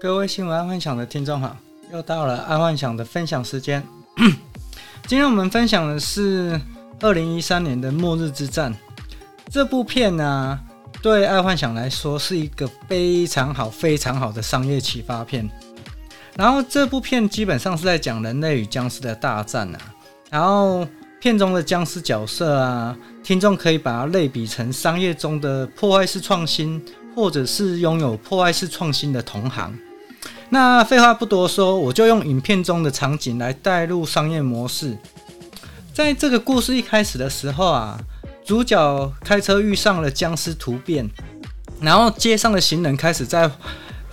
各位新聞愛幻想的聽眾好，又到了愛幻想的分享時間。 今天我們分享的是二零一三年的末日之戰這部片呢、啊，對愛幻想來說是一個非常好、非常好的商業啟發片。然後這部片基本上是在講人類與僵屍的大戰啊，然後片中的僵屍角色啊，聽眾可以把它類比成商業中的破壞式創新。或者是擁有破壞式創新的同行。那廢話不多說，我就用影片中的場景來帶入商業模式。在這個故事一開始的時候啊，主角開車遇上了殭屍突變，然後街上的行人開始在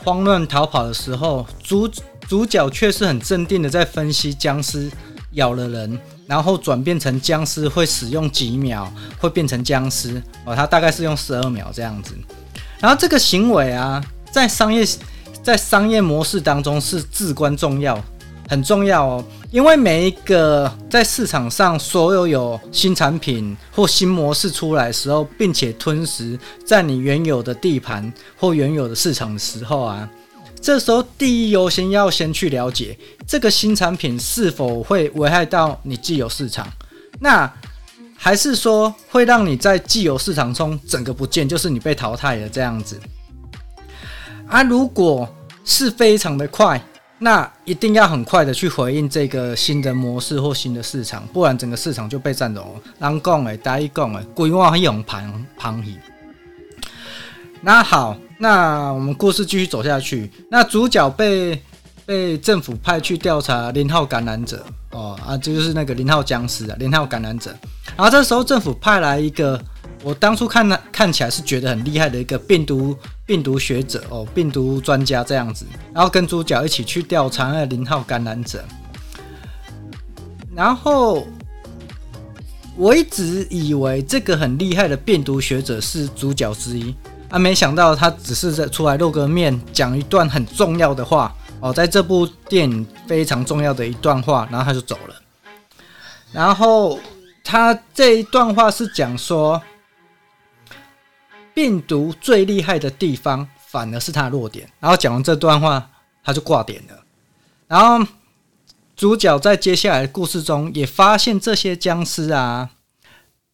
慌亂逃跑的時候，主主角卻是很鎮定的在分析殭屍咬了人，然後轉變成殭屍會使用幾秒會變成殭屍哦，他大概是用十二秒這樣子。然後這個行為啊，在商業，在商業模式當中是至關重要，很重要哦。因為每一個在市場上所有有新產品或新模式出來的時候，並且吞噬在你原有的地盤或原有的市場的時候啊，這時候第一優先要先去了解這個新產品是否會危害到你既有市場。那還是說，會讓你在既有市場中整個不見，就是你被淘汰了這樣子啊？如果是非常的快，那一定要很快的去回應這個新的模式或新的市場，不然整個市場就被佔了。Angong 哎，Dai Gong 哎，鬼王很勇，盤盤皮。那好，那我們故事繼續走下去。那主角被被政府派去調查零號感染者哦啊，這就是那個零號僵屍啊，零號感染者。然後這時候政府派來一個，我當初看了看起來是覺得很厲害的一個病毒病毒學者哦，病毒專家這樣子，然後跟主角一起去調查那零號感染者。然後我一直以為這個很厲害的病毒學者是主角之一啊，沒想到他只是在出來露個面，講一段很重要的話哦，在這部電影非常重要的一段話，然後他就走了，然後。他這一段話是講說，病毒最厲害的地方反而是它的弱點。然後講完這段話，他就掛點了。然後主角在接下來的故事中也發現，這些僵屍啊，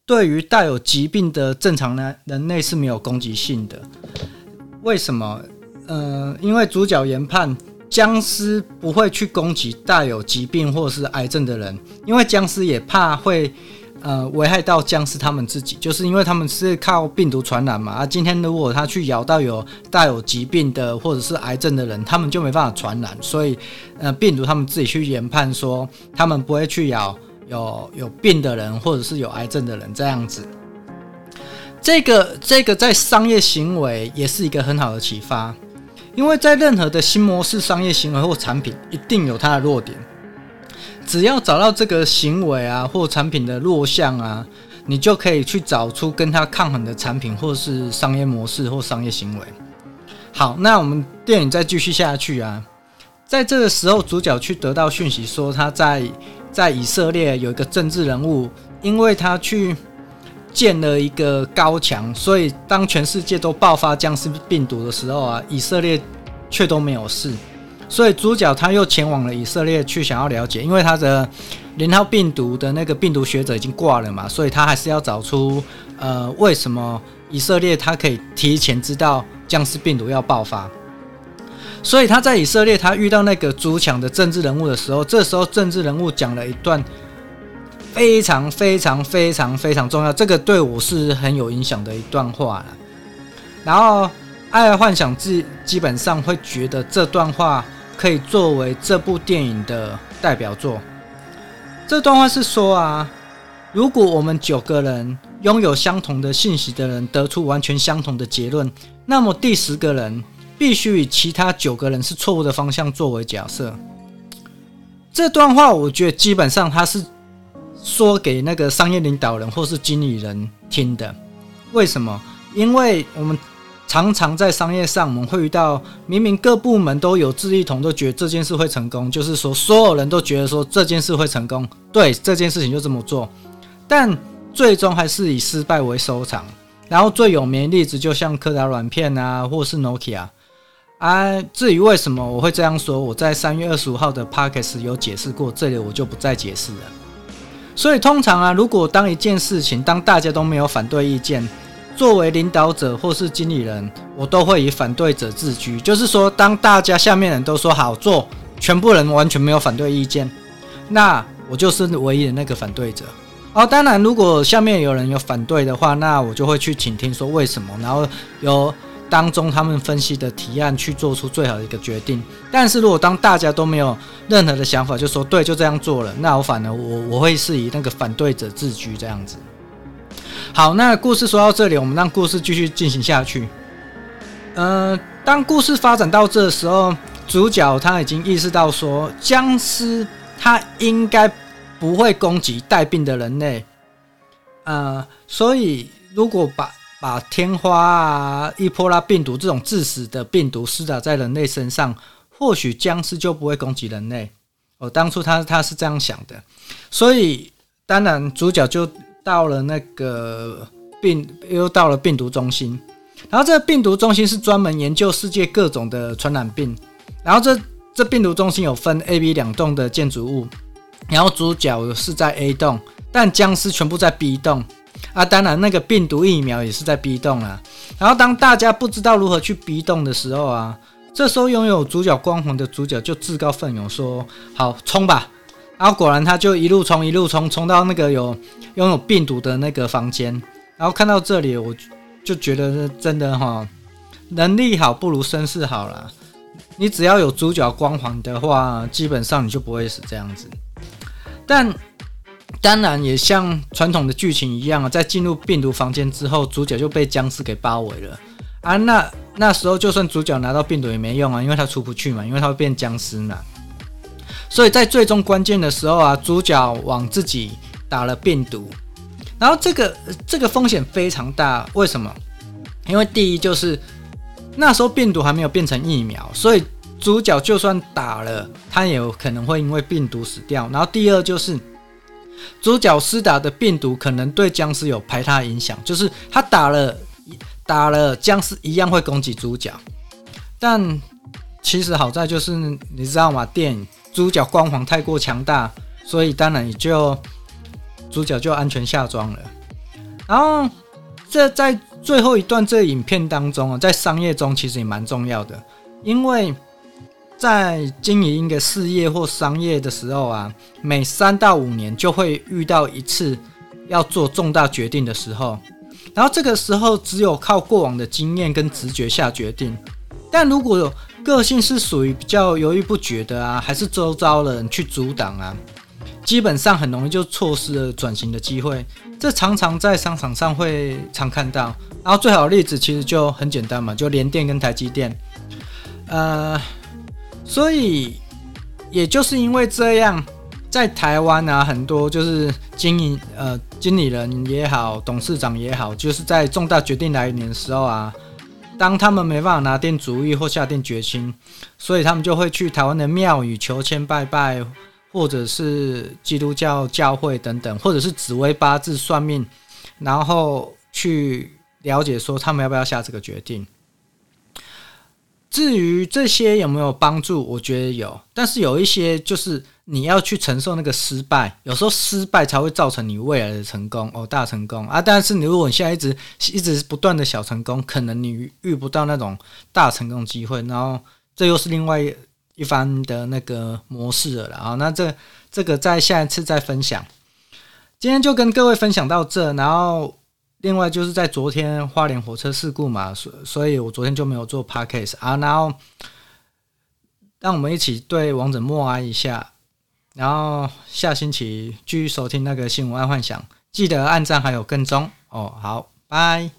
對於帶有疾病的正常人人類是沒有攻擊性的。為什麼？嗯、呃，因為主角研判，僵屍不會去攻擊帶有疾病或是癌症的人，因為僵屍也怕會。呃，危害到僵屍他們自己，就是因為他們是靠病毒傳染嘛。啊，今天如果他去咬到有帶有疾病的或者是癌症的人，他們就沒辦法傳染。所以，呃，病毒他們自己去研判說，他們不會去咬有有病的人或者是有癌症的人這樣子。這個這個在商業行為也是一個很好的啟發，因為在任何的新模式商業行為或產品，一定有它的弱點。只要找到這個行為啊，或產品的弱項啊，你就可以去找出跟它抗衡的產品，或是商業模式或商業行為。好，那我們電影再繼續下去啊。在這個時候，主角去得到訊息說，他在在以色列有一個政治人物，因為他去建了一個高牆，所以當全世界都爆發僵屍病毒的時候啊，以色列卻都沒有事。所以主角他又前往了以色列去想要了解，因為他的零號病毒的那個病毒學者已經掛了嘛，所以他還是要找出呃為什麼以色列他可以提前知道僵屍病毒要爆發。所以他在以色列他遇到那個主搶的政治人物的時候，這時候政治人物講了一段非常非常非常非常重要，這個對我是很有影響的一段話。然後《愛幻想志》基本上會覺得這段話。可以作為這部電影的代表作。這段話是說啊，如果我們九個人擁有相同的信息的人得出完全相同的結論，那麼第十個人必須以其他九個人是錯誤的方向作為假設。這段話我覺得基本上他是說給那個商業領導人或是經理人聽的。為什麼？因為我們。常常在商業上，我們會遇到明明各部門都有志一同，都覺得這件事會成功，就是說所有人都覺得說這件事會成功，對這件事情就這麼做，但最終還是以失敗為收場。然後最有名的例子就像柯達軟片啊，或是 Nokia 啊。至於為什麼我會這樣說，我在三月二十五號的 podcast 有解釋過，這裡我就不再解釋了。所以通常啊，如果當一件事情，當大家都沒有反對意見，作為領導者或是經理人，我都會以反對者自居。就是說，當大家下面人都說好做，全部人完全沒有反對意見，那我就是唯一的那個反對者。哦，當然，如果下面有人有反對的話，那我就會去傾聽，說為什麼，然後由當中他們分析的提案去做出最好的一個決定。但是如果當大家都沒有任何的想法，就說對，就這樣做了，那我反而我我會是以那個反對者自居這樣子。好，那個、故事說到這裡，我們讓故事繼續進行下去。呃，當故事發展到這的時候，主角他已經意識到說，僵屍他應該不會攻擊帶病的人類。呃，所以如果把把天花啊、伊波拉病毒這種致死的病毒施打在人類身上，或許僵屍就不會攻擊人類。哦，當初他他是這樣想的，所以當然主角就。到了那個病，又到了病毒中心。然後這個病毒中心是專門研究世界各種的傳染病。然後這這病毒中心有分 A、B 兩棟的建築物。然後主角是在 A 棟，但殭屍全部在 B 棟啊。當然那個病毒疫苗也是在 B 棟啦、啊。然後當大家不知道如何去 B 棟的時候啊，這時候擁有主角光環的主角就自告奮勇說：“好，衝吧。”然後、啊、果然，他就一路衝，一路衝，衝到那個有擁有病毒的那個房間。然後看到這裡，我就覺得真的哈，能力好不如身世好啦，你只要有主角光環的話，基本上你就不會死這樣子。但當然，也像傳統的劇情一樣啊，在進入病毒房間之後，主角就被僵屍給包圍了。啊那，那那時候就算主角拿到病毒也沒用啊，因為他出不去嘛，因為他會變僵屍嘛。所以在最終關鍵的時候啊，主角往自己打了病毒，然後這個這個風險非常大。為什麼？因為第一就是那時候病毒還沒有變成疫苗，所以主角就算打了，他也有可能會因為病毒死掉。然後第二就是主角施打的病毒可能對僵屍有排他的影響，就是他打了打了僵屍一樣會攻擊主角。但其實好在就是你知道嗎？電影。主角光環太過強大，所以當然也就主角就安全下裝了。然後，這在最後一段這影片當中啊，在商業中其實也蠻重要的，因為在經營一個事業或商業的時候啊，每三到五年就會遇到一次要做重大決定的時候，然後這個時候只有靠過往的經驗跟直覺下決定，但如果個性是屬於比較猶豫不決的啊，還是周遭的人去阻擋啊？基本上很容易就錯失了轉型的機會，這常常在商場上會常看到。然後最好的例子其實就很簡單嘛，就聯電跟台積電。呃，所以也就是因為這樣，在台灣啊，很多就是經營呃經理人也好，董事長也好，就是在重大決定來臨的時候啊。當他們沒辦法拿定主意或下定決心，所以他們就會去台灣的廟宇求籤拜拜，或者是基督教教會等等，或者是紫微八字算命，然後去了解說他們要不要下這個決定。至於這些有沒有幫助，我覺得有，但是有一些就是。你要去承受那個失敗，有時候失敗才會造成你未來的成功哦，大成功啊！但是你如果你現在一直一直不斷的小成功，可能你遇不到那種大成功的機會，然後這又是另外一番的那個模式了啊！那這這個在下一次再分享。今天就跟各位分享到這，然後另外就是在昨天花蓮火車事故嘛，所所以我昨天就沒有做 Podcast 啊，然後讓我們一起對亡者默哀一下。然後下星期繼續收聽那個新聞愛幻想，記得按讚還有跟蹤哦。好，拜。